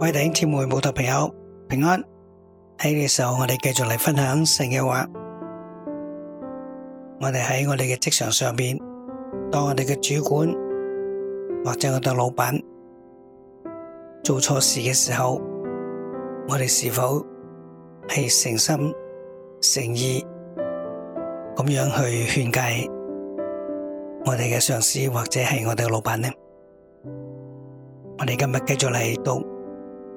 各位，弟兄姊妹、信徒朋友平安。喺呢個時候，我哋繼續嚟分享神嘅話。我哋喺我哋嘅職場上面，當我哋嘅主管或者我哋嘅老闆做錯事嘅時候，我哋是否係誠心、誠意咁樣去勸誡我哋嘅上司或者係我哋嘅老闆呢？我哋今日繼續嚟讀。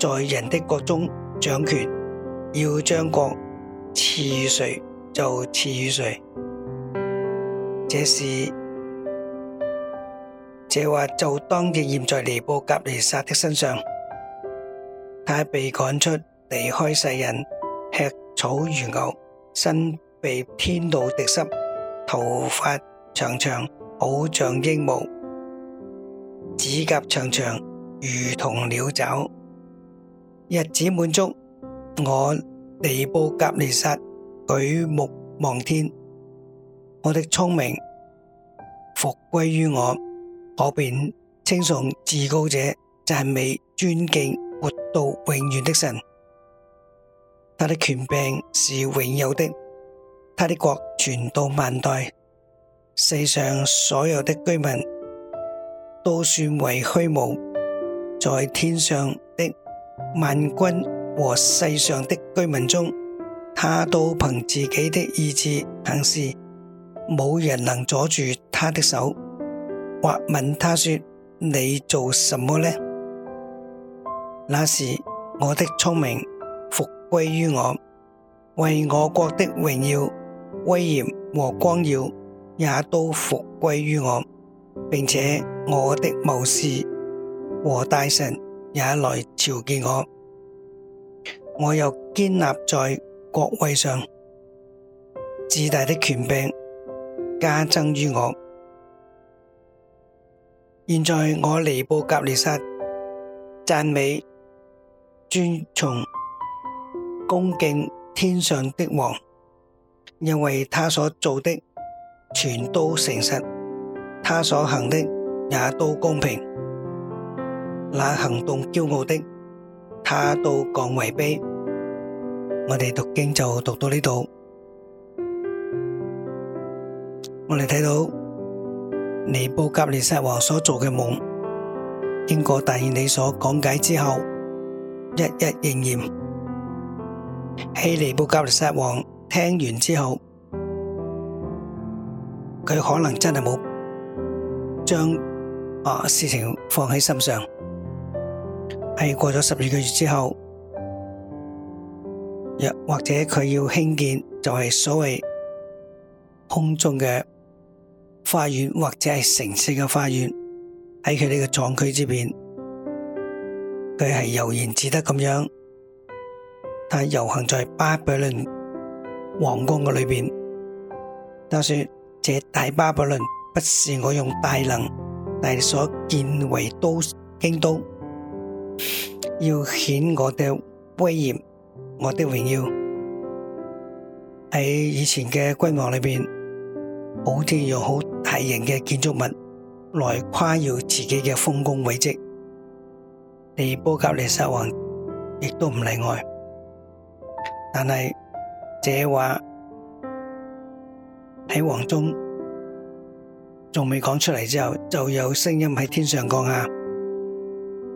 在人的國中掌權，要將國賜與誰就賜與誰。這事這話就當應驗在尼布甲尼撒的身上。他被趕出離開世人吃草如牛，身被天露滴濕，頭髮長長好像鸚鵡，指甲長長如同鳥爪。日子滿足，我尼布甲尼撒，舉目望天，我的聰明復歸於我，我便稱頌至高者，讚美尊敬活到永遠的神，他的權柄是永有的，他的國傳到萬代，世上所有的居民都算為虛無，在天上的。萬軍和世上的居民中，他都憑自己的意志行事，冇人能阻住他的手，或問他說：你做什麼呢？那時我的聰明復歸於我，為我國的榮耀、威嚴和光耀也都復歸於我，並且我的謀士和大臣。也來朝見我，我又建立在國位上，至大的權柄加增於我。現在我尼布甲尼撒讚美、尊崇、恭敬天上的王，因為他所做的全都誠實，他所行的也都公平。那行動驕傲的，他都降為卑。我哋讀經就讀到呢度，我哋睇到尼布甲尼撒王所做嘅夢，經過但以理所講解之後，一一應驗。希尼布甲尼撒王聽完之後，佢可能真係冇將啊事情放喺心上。係過咗十二個月之後，或或者佢要興建就係所謂空中嘅花園，或者係城市嘅花園。喺佢哋嘅藏區之邊，佢係悠然自得咁樣，他遊行在巴比倫皇宮嘅裏邊。他說：，這大巴比倫不是我用大能大所建為都京都。要顯我哋威嚴，我的榮耀喺以前嘅君王裏邊，好似用好大型嘅建築物來誇耀自己嘅豐功偉績。尼布甲尼撒王亦都唔例外，但係這話喺王中仲未講出嚟，之後，就有聲音喺天上降下、啊。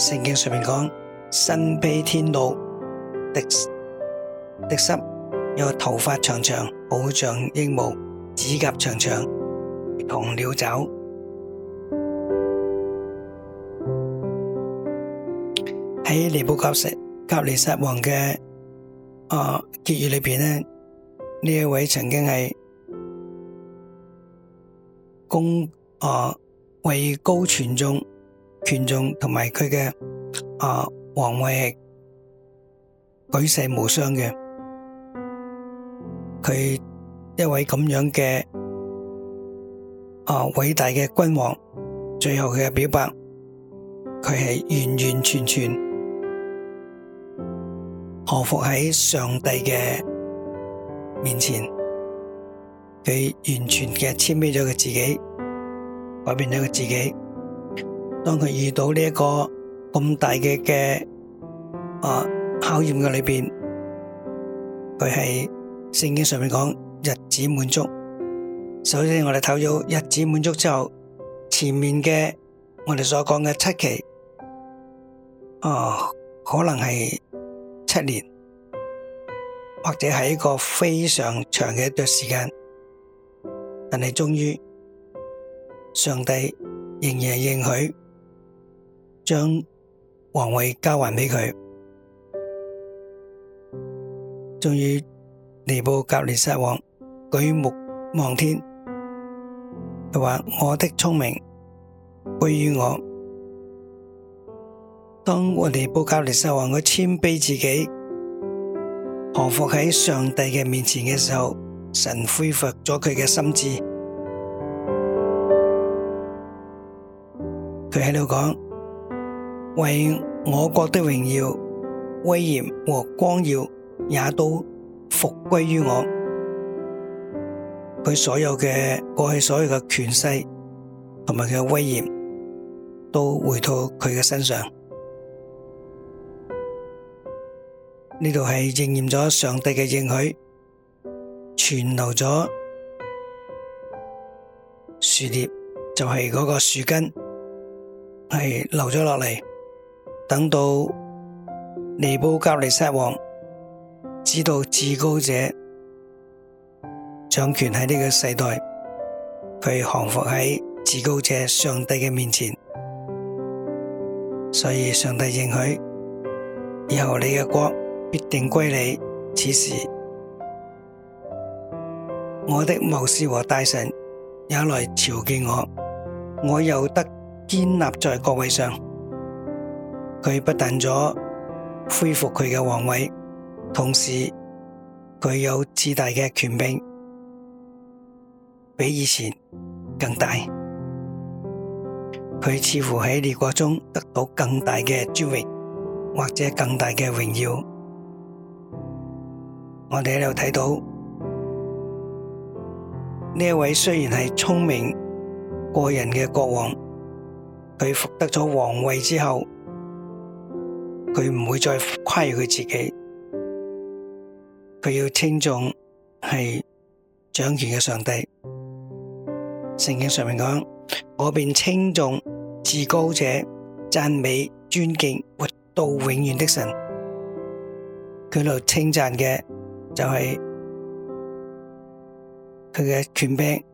聖經上面講，身披天露，滴滴濕，有頭髮長長，好像鸚鵡，指甲長長，同鳥爪。喺 尼布甲實，甲尼撒王嘅啊結語裏邊咧，呢一位曾經係公啊、哦、位高權重。權重同埋佢嘅啊皇位係舉世無雙嘅，佢一位咁樣嘅啊偉大嘅君王，最後佢嘅表白，佢係完完全全何服喺上帝嘅面前，佢完全嘅謙卑咗佢自己，改變咗佢自己。當佢遇到呢一個咁大嘅嘅啊考驗嘅裏邊，佢係聖經上面講日子滿足。首先我哋睇咗日子滿足之後，前面嘅我哋所講嘅七期啊，可能係七年，或者係一個非常長嘅一段時間，但係終於上帝仍然認許。將皇位交還俾佢，終於尼布甲尼撒王舉目望天，就話我的聰明歸於我。當我尼布甲尼撒王佢謙卑自己，降服喺上帝嘅面前嘅時候，神恢復咗佢嘅心智。佢喺度講。為我國的榮耀、威嚴和光耀，也都復歸於我。佢所有嘅過去、所有嘅權勢同埋佢嘅威嚴，都回到佢嘅身上。呢度是應驗咗上帝嘅應許，存留咗樹葉，就是嗰個樹根是留咗落嚟。等到尼布甲尼撒王知道至高者掌權喺呢個世代，佢降服喺至高者上帝嘅面前，所以上帝認許以後你嘅國必定歸你。此時，我的謀士和大臣也來朝見我，我又得堅立在國位上。佢不但咗恢復佢嘅皇位，同時佢有自大嘅權柄，比以前更大。佢似乎喺列國中得到更大嘅尊榮，或者更大嘅榮耀。我哋喺度睇到呢一位雖然係聰明過人嘅國王，佢復得咗皇位之後。佢唔會再虧佢自己，佢要稱重係掌權嘅上帝。聖經上面講，我便稱重至高者讚美尊敬，活到永遠的神。佢度稱讚嘅就係佢嘅權柄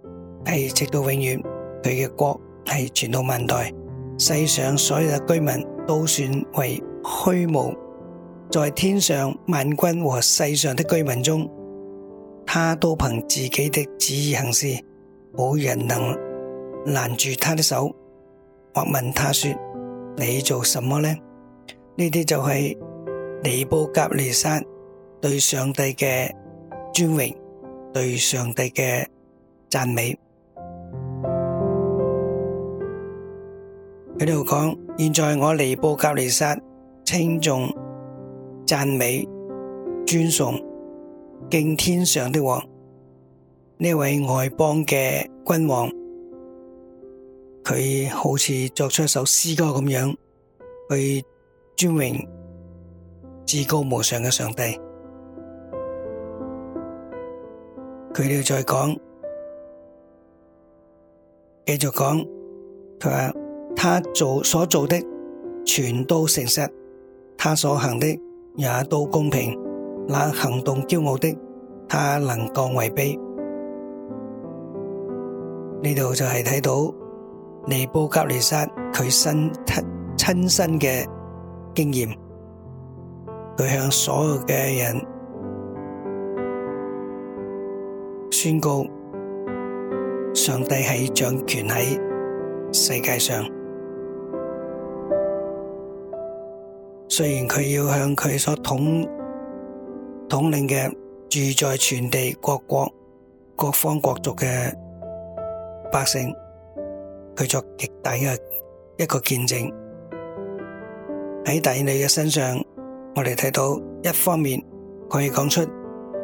係直到永遠，佢嘅國係傳到萬代，世上所有嘅居民都算為虛無，在天上萬軍和世上的居民中，他都憑自己的旨意行事，冇人能攔住他的手，或問他說：你做什麼呢？呢啲就係尼布甲尼撒對上帝嘅尊榮，對上帝嘅讚美。喺度講：現在我尼布甲尼撒。稱頌、讚美、尊崇、敬天上的王。呢位外邦嘅君王，佢好似作出一首詩歌咁樣去尊榮至高無上嘅上帝。佢哋再講，繼續講，佢話他做所做的全都誠實。他所行的也都公平，那行動驕傲的，他能降為卑。呢度就係睇到尼布甲尼撒佢身親親身嘅經驗，佢向所有嘅人宣告：上帝係掌權喺世界上。雖然佢要向佢所統統領嘅住在全地各國各方各族嘅百姓，去作極大嘅一個見證。喺帝女嘅身上，我哋睇到一方面，佢講出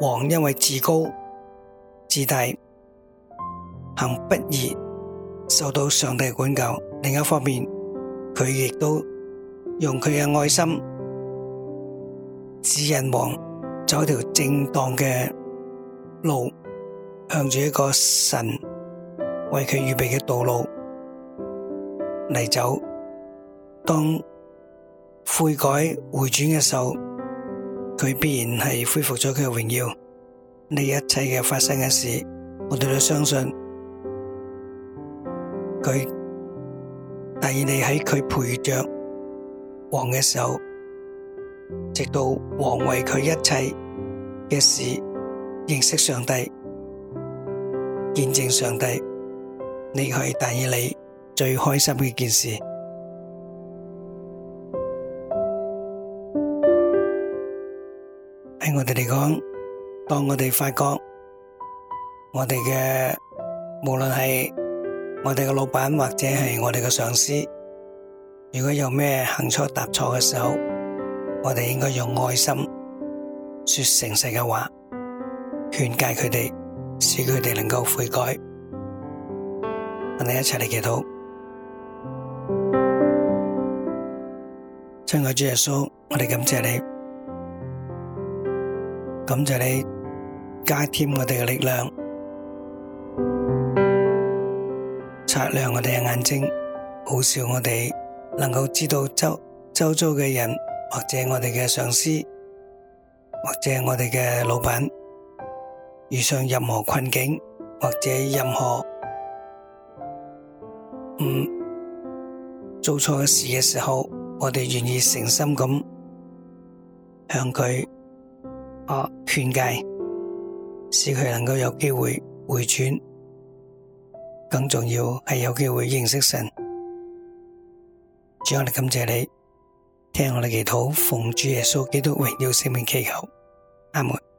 王因為自高自大行不義，受到上帝嘅管教；另一方面，佢亦都。用佢嘅愛心指引王走一條正當嘅路，向住一個神為佢預備嘅道路嚟走。當悔改回轉嘅時候，佢必然係恢復咗佢嘅榮耀。呢一切嘅發生嘅事，我哋都相信。第二，你喺佢陪着。王嘅時候，直到王為佢一切嘅事認識上帝，見證上帝，你可以帶你最開心嘅一件事。喺我哋嚟講，當我哋發覺我哋嘅，無論係我哋嘅老闆或者係我哋嘅上司。如果有咩行錯踏錯嘅時候，我哋應該用愛心說誠實嘅話，勸戒佢哋，使佢哋能夠悔改。我哋一齊嚟祈禱。親愛主耶穌，我哋感謝你，感謝你加添我哋嘅力量，擦亮我哋嘅眼睛，好笑我哋。能夠知道周周遭嘅人，或者我哋嘅上司，或者我哋嘅老闆，遇上任何困境，或者任何唔、嗯、做錯嘅事嘅時候，我哋願意誠心咁向佢啊勸誡，使佢能夠有機會回轉。更重要係有機會認識神。我嚟感謝你，聽我哋祈禱，奉主耶穌基督榮耀聖名祈求，阿門。